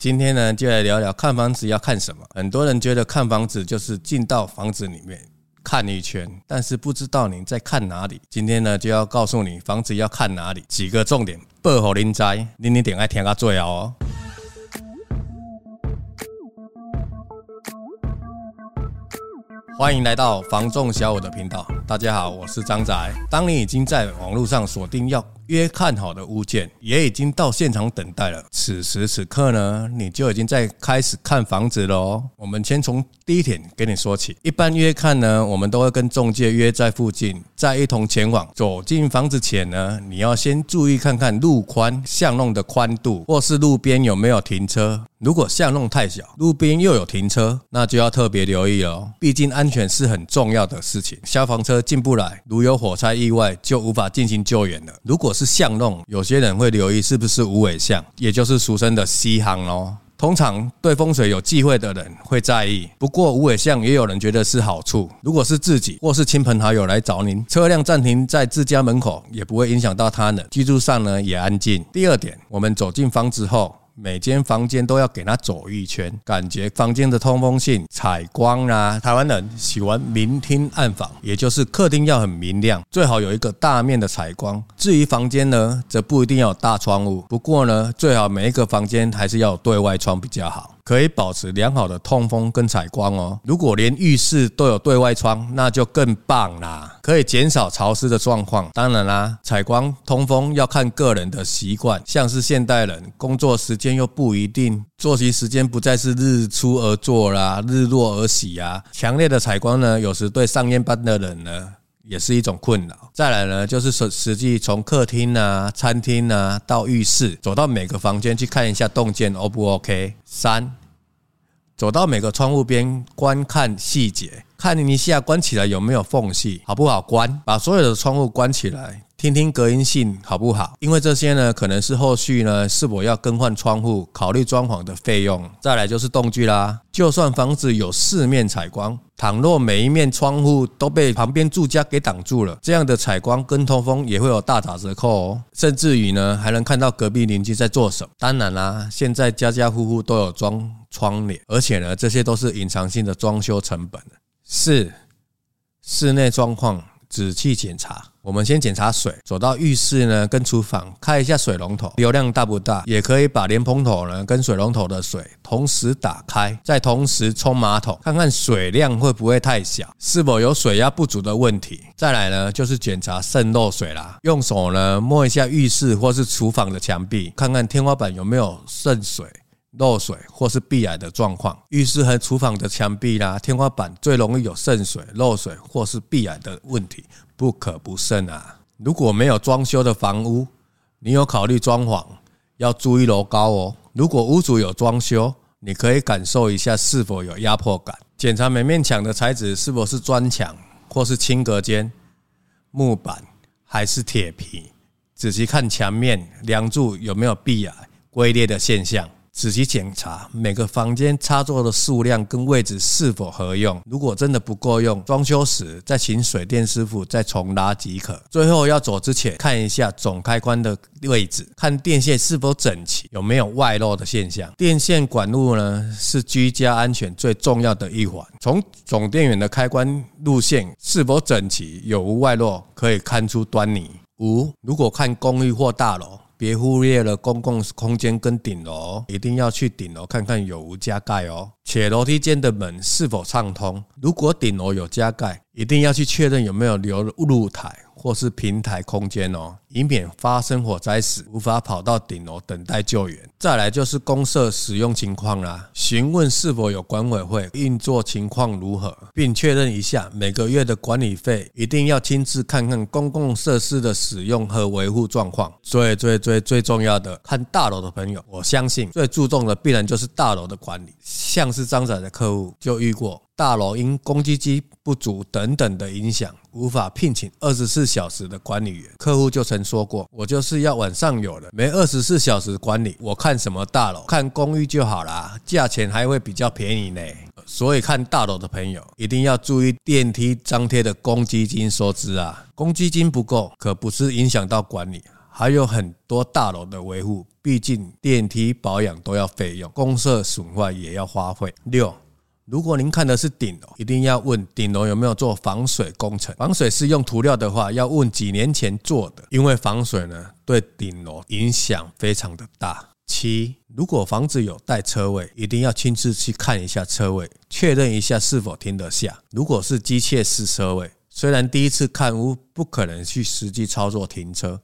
今天呢，就來聊聊看房子要看什麼。很多人覺得看房子就是進到房子裡面看一圈，但是不知道你在看哪裡。今天呢，就要告訴你房子要看哪裡幾個重點。報乎恁知，零零點愛聽它最好哦。歡迎來到房仲小武的頻道，大家好，我是張宅。當你已經在網絡上鎖定要。約看好的物件也已經到現場等待了。此時此刻呢，你就已經在開始看房子了哦。我們先從第一點給你說起。一般約看呢，我們都會跟仲介約在附近，再一同前往。走進房子前呢，你要先注意看看路寬、巷弄的寬度，或是路邊有沒有停車。如果巷弄太小，路邊又有停車，那就要特別留意哦。畢竟安全是很重要的事情。消防車進不來，如有火災意外，就無法進行救援了。如果，是巷弄，有些人會留意是不是無尾巷，也就是俗稱的西巷咯。通常對風水有忌諱的人會在意，不過無尾巷也有人覺得是好處。如果是自己或是親朋好友來找您，車輛暫停在自家門口也不會影響到他人，居住上呢也安靜。第二點，我們走進房子後。每間房間都要給他走一圈，感覺房間的通風性、採光啊。台灣人喜歡明廳暗房，也就是客廳要很明亮，最好有一個大面的採光。至於房間呢，則不一定要有大窗戶，不過呢，最好每一個房間還是要有對外窗比較好。可以保持良好的通風跟採光哦。如果連浴室都有對外窗，那就更棒啦，可以減少潮濕的狀況。當然啦、啊，採光通風要看個人的習慣，像是現代人工作時間又不一定，作息時間不再是日出而作啦，日落而息啊。強烈的採光呢，有時對上夜班的人呢。也是一種困擾。再來呢，就是實實際從客廳啊、餐廳啊到浴室，走到每個房間去看一下動線，O 不 OK？三，走到每個窗戶邊觀看細節，看你一下關起來有沒有縫隙，好不好關？把所有的窗戶關起來。聽聽隔音性，好不好？因為這些呢，可能是後續呢，是否要更換窗戶、考慮裝潢的費用。再來就是棟距啦，就算房子有四面採光，倘若每一面窗戶都被旁邊住家給擋住了，這樣的採光跟通風也會有大打折扣，哦，甚至於呢還能看到隔壁鄰居在做什麼。當然啦、啊，現在家家戶戶都有裝窗簾，而且呢這些都是隱藏性的裝修成本。四，室內狀況仔細檢查。我們先檢查水，走到浴室呢，跟廚房開一下水龍頭，流量大不大？也可以把蓮蓬頭呢跟水龍頭的水同時打開，再同時沖馬桶，看看水量會不會太小，是否有水壓不足的問題。再來呢，就是檢查滲漏水啦，用手呢摸一下浴室或是廚房的牆壁，看看天花板有沒有滲水、漏水或是壁癌的狀況，浴室和廚房的牆壁啦、啊、天花板最容易有滲水、漏水或是壁癌的問題，不可不慎啊！如果沒有裝修的房屋，你有考慮裝潢，要注意樓高哦。如果屋主有裝修，你可以感受一下是否有壓迫感。檢查每面牆的材質是否是磚牆或是輕隔間木板還是鐵皮，仔細看牆面梁柱有沒有壁癌龜裂的現象。仔細檢查每個房間插座的數量跟位置是否合用，如果真的不夠用，裝修時再請水電師傅再重拉即可。最後要走之前看一下總開關的位置，看電線是否整齊，有沒有外露的現象。電線管路呢，是居家安全最重要的一環，從總電源的開關路線是否整齊，有無外露，可以看出端倪。五，如果看公寓或大樓。別忽略了公共空間跟頂樓，一定要去頂樓看看有無加蓋哦，且樓梯間的門是否暢通。如果頂樓有加蓋，一定要去確認有沒有留露台或是平台空間哦。以免發生火災時無法跑到頂樓等待救援。再來就是公設使用情況啦、啊，詢問是否有管委會，運作情況如何，並確認一下每個月的管理費。一定要親自看看公共設施的使用和維護狀況。最最最最重要的，看大樓的朋友，我相信最注重的必然就是大樓的管理。像是張仔的客戶就遇過，大樓因公基金不足等等的影響，無法聘請二十四小時的管理員，客戶就成。說過，我就是要晚上有的，沒二十四小時管理。我看什麼大樓，看公寓就好啦，價錢還會比較便宜呢。所以看大樓的朋友一定要注意電梯張貼的公積金收支啊，公積金不夠可不是影響到管理，還有很多大樓的維護，畢竟電梯保養都要費用，公設損壞也要花費。六。如果您看的是頂樓，一定要問頂樓有沒有做防水工程。防水是用塗料的話，要問幾年前做的，因為防水呢對頂樓影響非常的大。七，如果房子有帶車位，一定要親自去看一下車位，確認一下是否停得下。如果是機械式車位，雖然第一次看屋，不可能去實際操作停車。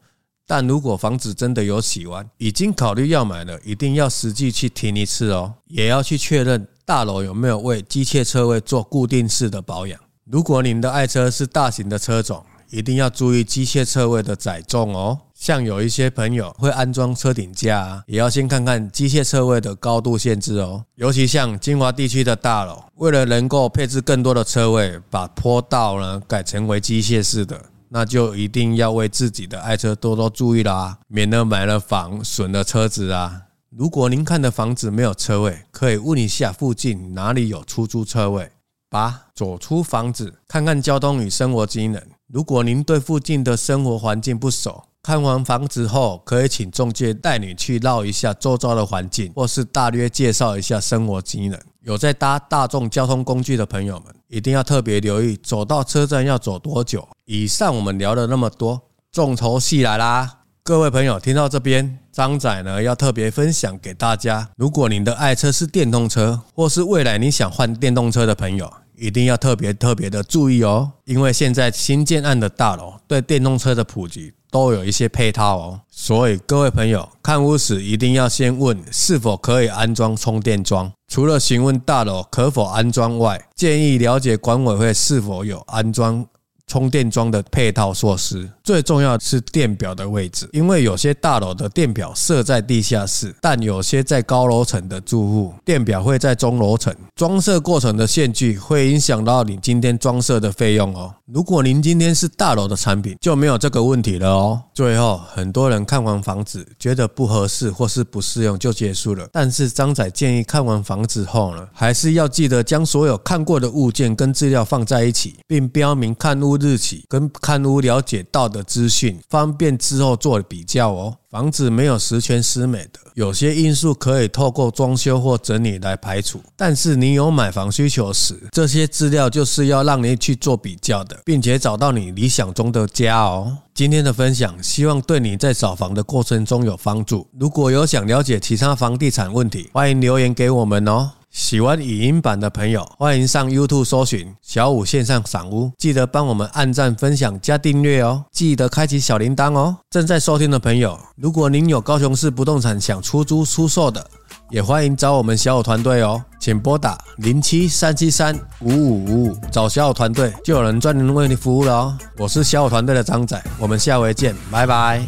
但如果房子真的有喜歡，已經考慮要買了，一定要實際去停一次哦，也要去確認大樓有沒有為機械車位做固定式的保養。如果您的愛車是大型的車種，一定要注意機械車位的載重哦。像有一些朋友會安裝車頂架啊，也要先看看機械車位的高度限制哦。尤其像金華地區的大樓，為了能夠配置更多的車位，把坡道呢改成為機械式的。那就一定要為自己的愛車多多注意啦、啊，免得買了房損了車子啊！如果您看的房子沒有車位，可以問一下附近哪裡有出租車位。八，走出房子，看看交通與生活機能。如果您對附近的生活環境不熟，看完房子後可以請仲介帶你去繞一下周遭的環境，或是大約介紹一下生活機能。有在搭大眾交通工具的朋友們。一定要特別留意，走到車站要走多久？以上我們聊了那麼多，重頭戲來啦！各位朋友聽到這邊，張仔呢要特別分享給大家：如果你的愛車是電動車，或是未來你想換電動車的朋友，一定要特別特別的注意哦，因為現在新建案的大樓對電動車的普及，都有一些配套哦，所以各位朋友看屋時一定要先問，是否可以安裝充電樁。除了詢問大樓可否安裝外，建議了解管委會是否有安裝。充電樁的配套措施最重要是電表的位置，因為有些大樓的電表設在地下室，但有些在高樓層的住戶，電表會在中樓層。裝設過程的限距會影響到你今天裝設的費用哦。如果您今天是大樓的產品，就沒有這個問題了哦。最後，很多人看完房子覺得不合適或是不適用就結束了，但是張仔建議看完房子後呢，還是要記得將所有看過的物件跟資料放在一起，並標明看物。日期跟看屋了解到的資訊，方便之後做比較哦。房子沒有十全十美的，有些因素可以透過裝修或整理來排除。但是你有買房需求時，這些資料就是要讓你去做比較的，並且找到你理想中的家哦。今天的分享，希望對你在找房的過程中有幫助。如果有想了解其他房地產問題，歡迎留言給我們哦。喜歡語音版的朋友，歡迎上 YouTube 搜尋小武線上賞屋，記得幫我們按讚、分享、加訂閱哦，記得開啟小鈴鐺哦。正在收聽的朋友，如果您有高雄市不動產想出租、出售的，也歡迎找我們小武團隊哦，請撥打零七三七三五五五五，55 55, 找小武團隊就有人專門為你服務了哦。我是小武團隊的張仔，我們下回見，拜拜。